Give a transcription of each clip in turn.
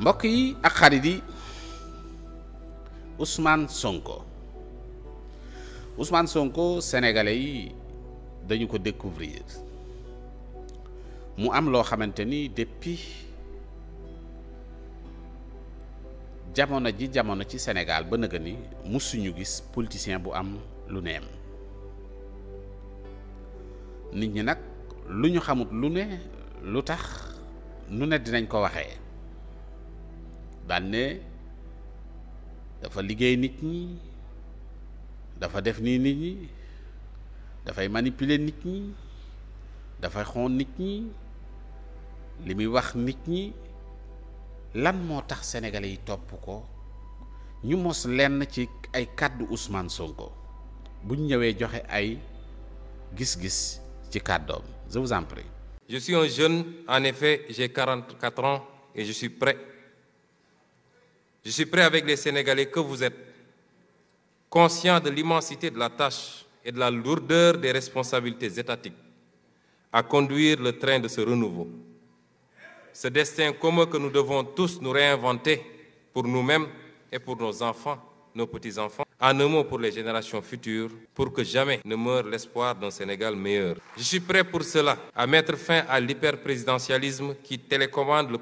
mbokk yi ak xarit yi Ousmane Sonko usmaan Sonko sénégalais yi dañu ko découvrir mu am loo xamante ni depuis jamono ji jamono ci Sénégal ba nëgë ni musuñu gis politicien bu am lu neem nit ñi nag lu ñu xamut lu ne lu tax nu ne dinañ ko waxee daan dafa liggéey nit ñi dafa def nii nit ñi dafay manipuler nit ñi dafay xon nit ñi li muy wax nit ñi lan moo tax sénégalais yi topp ko ñu mos lenn ci ay kàddu Ousmane Sonko bu ñu ñëwee joxe ay gis-gis ci kàddoom je vous en prie. Je suis un jeune en effet j'ai 44 ans et je suis prêt Je suis prêt avec les Sénégalais que vous êtes, conscients de l'immensité de la tâche et de la lourdeur des responsabilités étatiques, à conduire le train de ce renouveau. Ce destin commun que nous devons tous nous réinventer pour nous-mêmes et pour nos enfants, nos petits-enfants, en un pour les générations futures, pour que jamais ne meure l'espoir d'un Sénégal meilleur. Je suis prêt pour cela, à mettre fin à l'hyperprésidentialisme qui télécommande le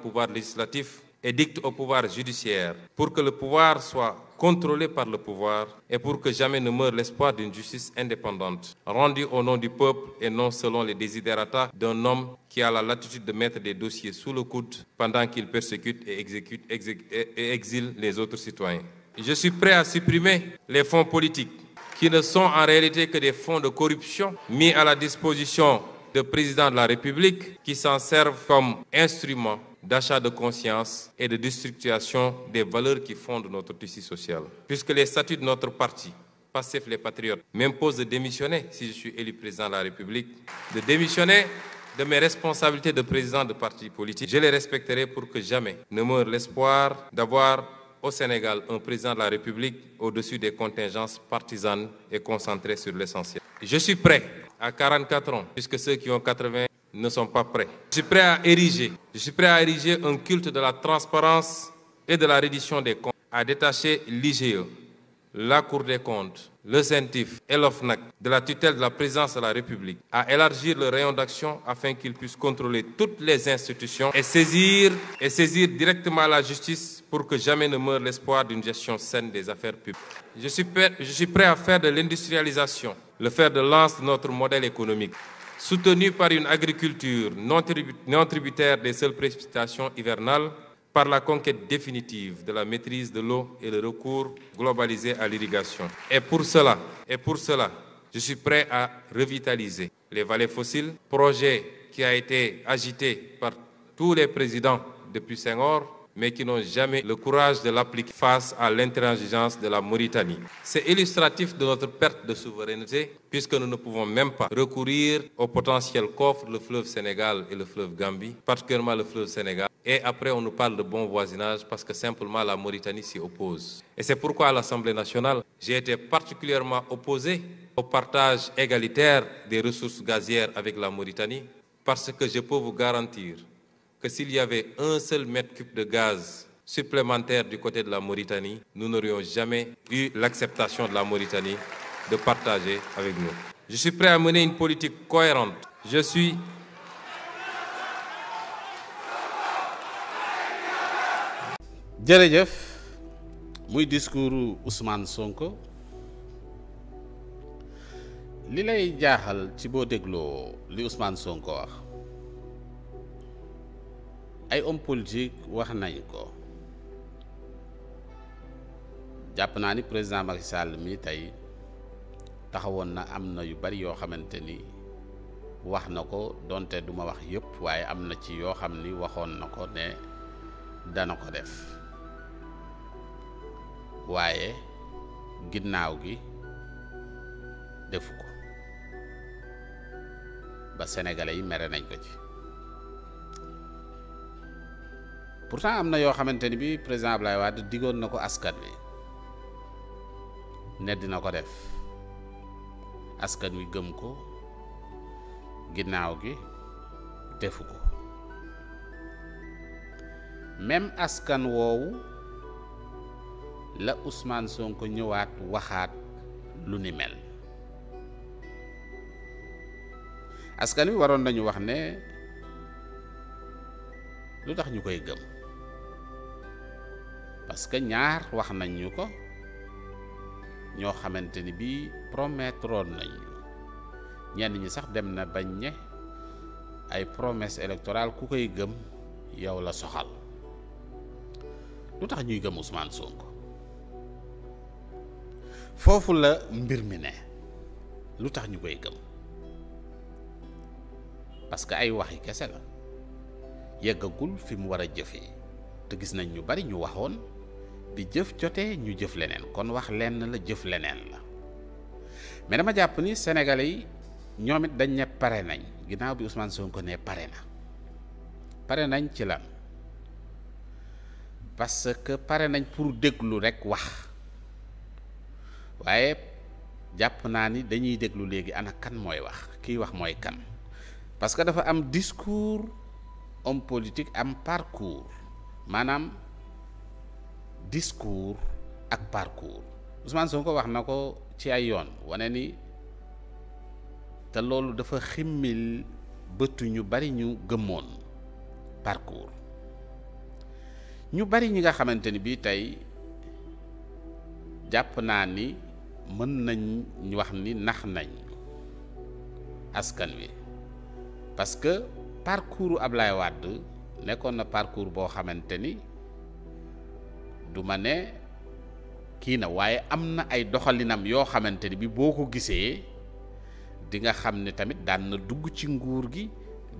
et dicte au pouvoir judiciaire pour que le pouvoir soit contrôlé par le pouvoir et pour que jamais ne meure l'espoir d'une justice indépendante, rendue au nom du peuple et non selon les desiderata d'un homme qui a la latitude de mettre des dossiers sous le coude pendant qu'il persécute et, exécute, exile les autres citoyens. Je suis prêt à supprimer les fonds politiques qui ne sont en réalité que des fonds de corruption mis à la disposition de présidents la République qui s'en servent comme instrument d'achat de conscience et de distribution des valeurs qui fondent notre tissu social. Puisque les statuts de notre parti, PASSEF les Patriotes, m'imposent de démissionner si je suis élu président de la République, de démissionner de mes responsabilités de président de parti politique, je les respecterai pour que jamais ne meure l'espoir au Sénégal un président de la République au-dessus des contingences partisanes et sur l'essentiel. Je ne sont pas prêts. Je suis prêt à ériger, je suis prêt un culte de la transparence et de la reddition des comptes, à détacher l'IGE, la Cour des comptes, le CENTIF et l'OFNAC de la tutelle de la présidence de la République, à élargir le rayon d'action afin qu'ils puissent contrôler toutes les institutions et saisir, et saisir directement la justice pour que jamais ne meure l'espoir d'une gestion saine des affaires publiques. Je suis prêt, je suis prêt à faire de l'industrialisation le fer de lance de notre modèle économique. soutenue par une agriculture non tributaire des seules précipitations hivernales, par la conquête définitive de la maîtrise de l'eau et le recours globalisé à l'irrigation. Et pour cela, pour cela, je suis prêt à revitaliser les vallées fossiles, projet qui a été agité par tous les présidents depuis Senghor, mais qui n'ont jamais le courage de l'appliquer face à l'intransigeance de la Mauritanie. C'est illustratif de notre perte de souveraineté, puisque nous ne pouvons même pas recourir au potentiel qu'offrent le fleuve Sénégal et le fleuve Gambie, particulièrement le fleuve Sénégal. Et après, on nous parle de bon voisinage parce que simplement la Mauritanie s'y oppose. Et c'est pourquoi à l'Assemblée nationale, j'ai été particulièrement opposé au partage égalitaire des ressources gazières avec la Mauritanie, parce que je peux vous que s'il y avait un seul mètre cube de gaz supplémentaire du côté de la Mauritanie, nous n'aurions jamais eu l'acceptation de la Mauritanie de partager avec nous. Je suis prêt à mener une politique cohérente. Je suis jërëjëf muy discours Ousmane Sonko li lay jaaxal ci boo dégloo li Ousmane Sonko wax ay homme politique wax nañ ko jàpp naa ni président Macky Sall mi tey taxawoon na am na yu bari yoo xamante ni wax na ko donte du ma wax yépp waaye am na ci yoo xam ni waxoon na ko ne dana ko def waaye ginnaaw gi defu ko ba sénégalais yi mere nañ ko ci pourtant am na yoo xamante ni bi président Ablaye Wade diggoon na ko askan wi ne dina ko def askan wi gëm ko ginnaaw gi defu ko même askan woowu la Ousmane Sonko ñëwaat waxaat lu ni mel askan wi waroon nañu wax ne lu tax ñu koy gëm parce que ñaar wax nañ ñu ko ñoo xamante ni bii promettroon nañ ñenn ñi sax dem na bañ ne ay promesse électorale ku koy gëm yow la soxal lu tax ñuy gëm Ousmane Sonko foofu la mbir mi ne lu tax ñu koy gëm parce que ay waxi kese la. yeggagul fi mu war a jëfee te gis nañ ñu bari ñu waxoon di jëf jotee ñu jëf leneen kon wax lenn la jëf leneen la mais dama jàpp ni sénégalais yi ñoom it dañ ne pare nañ ginnaaw bi Ousmane Sonko ne pare na pare nañ ci lan parce que pare nañ pour déglu rek wax waaye jàpp naa ni dañuy déglu léegi ana kan mooy wax kiy wax mooy kan parce dafa am discours. homme politique am parcours maanaam discours ak parcours Ousmane ko wax na ko ci ay yoon wane ni te loolu dafa ximmil bëtu ñu bari ñu gëmoon parcours ñu bari ñi nga xamante ni bii tey jàpp naa ni mën nañ wax ni nax nañ askan wi parce parcours Ablaye Wade nekkoon na parcours boo xamante ni du ma ne kii na waaye am na ay doxalinam yoo xamante ni bi boo ko gisee di nga xam ne tamit daan na dugg ci nguur gi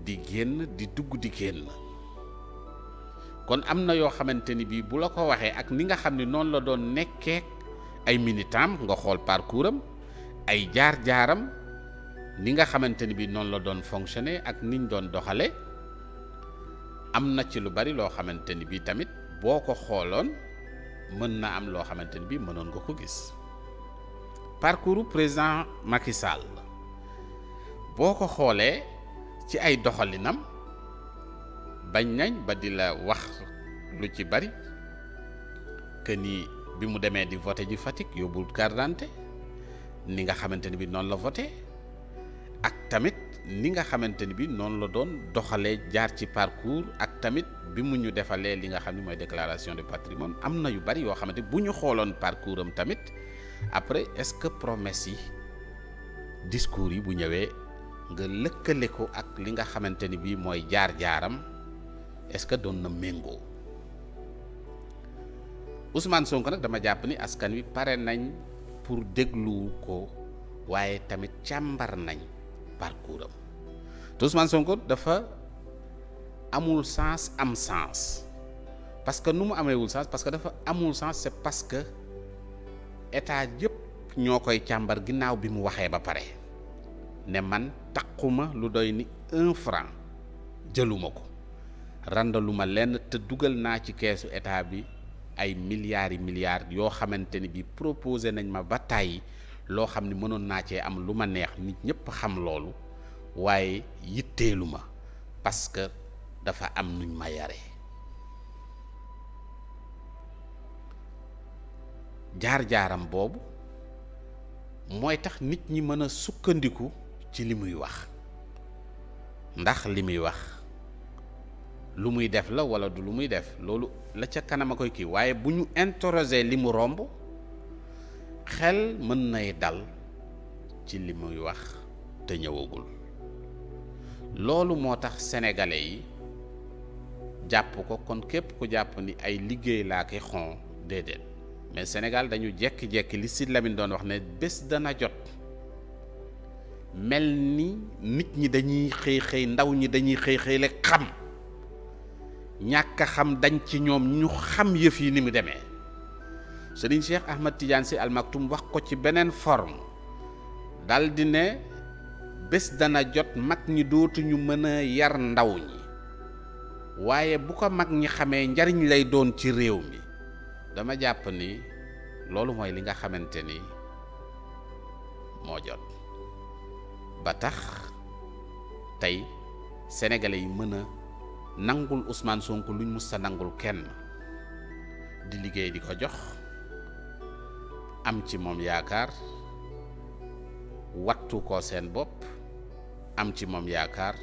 di génn di dugg di génn kon am na yoo xamante ni bi bu la ko waxee ak ni nga xam ne noonu la doon nekkee ay militant nga xool parcours ay jaar-jaaram ni nga xamante ni bi noonu la doon fonctionner ak niñ doon doxale am na ci lu bari loo xamante ni bi tamit boo ko xooloon mën na am loo xamante ni bi mënoon nga ko gis parcours président Macky Sall boo ko xoolee ci ay doxalinam bañ nañ ba di la wax lu ci bari que ni bi mu demee di voté ji Fatick yóbbul carte d'identité ni nga xamante ni bi noonu la voté tamit ni nga xamante ni bi noonu la doon doxalee jaar ci parcours ak tamit bi mu ñu defalee li nga xam ne mooy déclaration de patrimoine am na yu bari yoo xamante bu ñu xooloon parcours am tamit après est-ce que promesse yi discours yi bu ñëwee nga lëkkale ko ak li nga xamante ni bi mooy jaar-jaaram est-ce que doon na méngoo Ousmane sonk nag dama jàpp ni askan wi pare nañ pour déglu ko waaye tamit càmbar nañ parcours am Sonko dafa amul sens am sens parce que nu mu ameewul sens parce que dafa amul sens c'est parce que état yëpp ñoo koy càmbar ginnaaw bi mu waxee ba pare ne man taquma lu doy ni un franc jëluma ko randaluma lenn te dugal naa ci keesu état bi ay milliards yi milliards yoo xamante ni bi proposé nañ ma ba tàyyi loo xam ne mënoon naa cee am lu ma neex nit ñëpp xam loolu waaye yitteelu ma parce que dafa am nuñ ma yare jaar-jaaram boobu mooy tax nit ñi mën a sukkandiku ci li muy wax ndax li muy wax lu muy def la walla du lu muy def loolu la ca kanam a koy kii waaye bu ñu interroger li mu romb xel mën nay dal ci li muy wax te ñëwagul loolu moo tax sénégalais yi jàpp ko kon képp ku jàpp ni ay liggéey laa ki xon déedéet mais Sénégal dañu jekki-jekki li Sidy Lamine doon wax ne bés dana jot mel ni nit ñi dañuy xëy xëy ndaw ñi dañuy xëy xëy lek xam ñàkk xam dañ ci ñoom ñu xam yëf yi ni mu demee sëriñ Cheikh Ahmad Tidiane si almaktum wax ko ci beneen forme daldi ne bés dana jot mag ñi dootuñu mën a yar ndaw ñi waaye bu ko mag ñi xamee njariñ lay doon ci réew mi dama jàpp ni loolu mooy li nga xamante ni moo jot ba tax tey sénégalais yi mën a nangul usmaan sonk luñ mus sa nangul kenn di liggéey di ko jox am ci moom yaakaar wattu ko seen bopp am ci moom yaakaar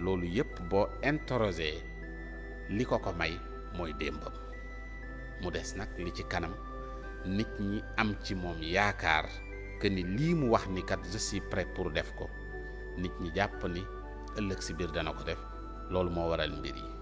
loolu yépp boo interrogé li ko ko may mooy démbam mu des nag li ci kanam nit ñi am ci moom yaakaar que ni lii mu wax ni kat je suis pour def ko nit ñi jàpp ni ëllëg si biir dana ko def loolu moo waral mbir yi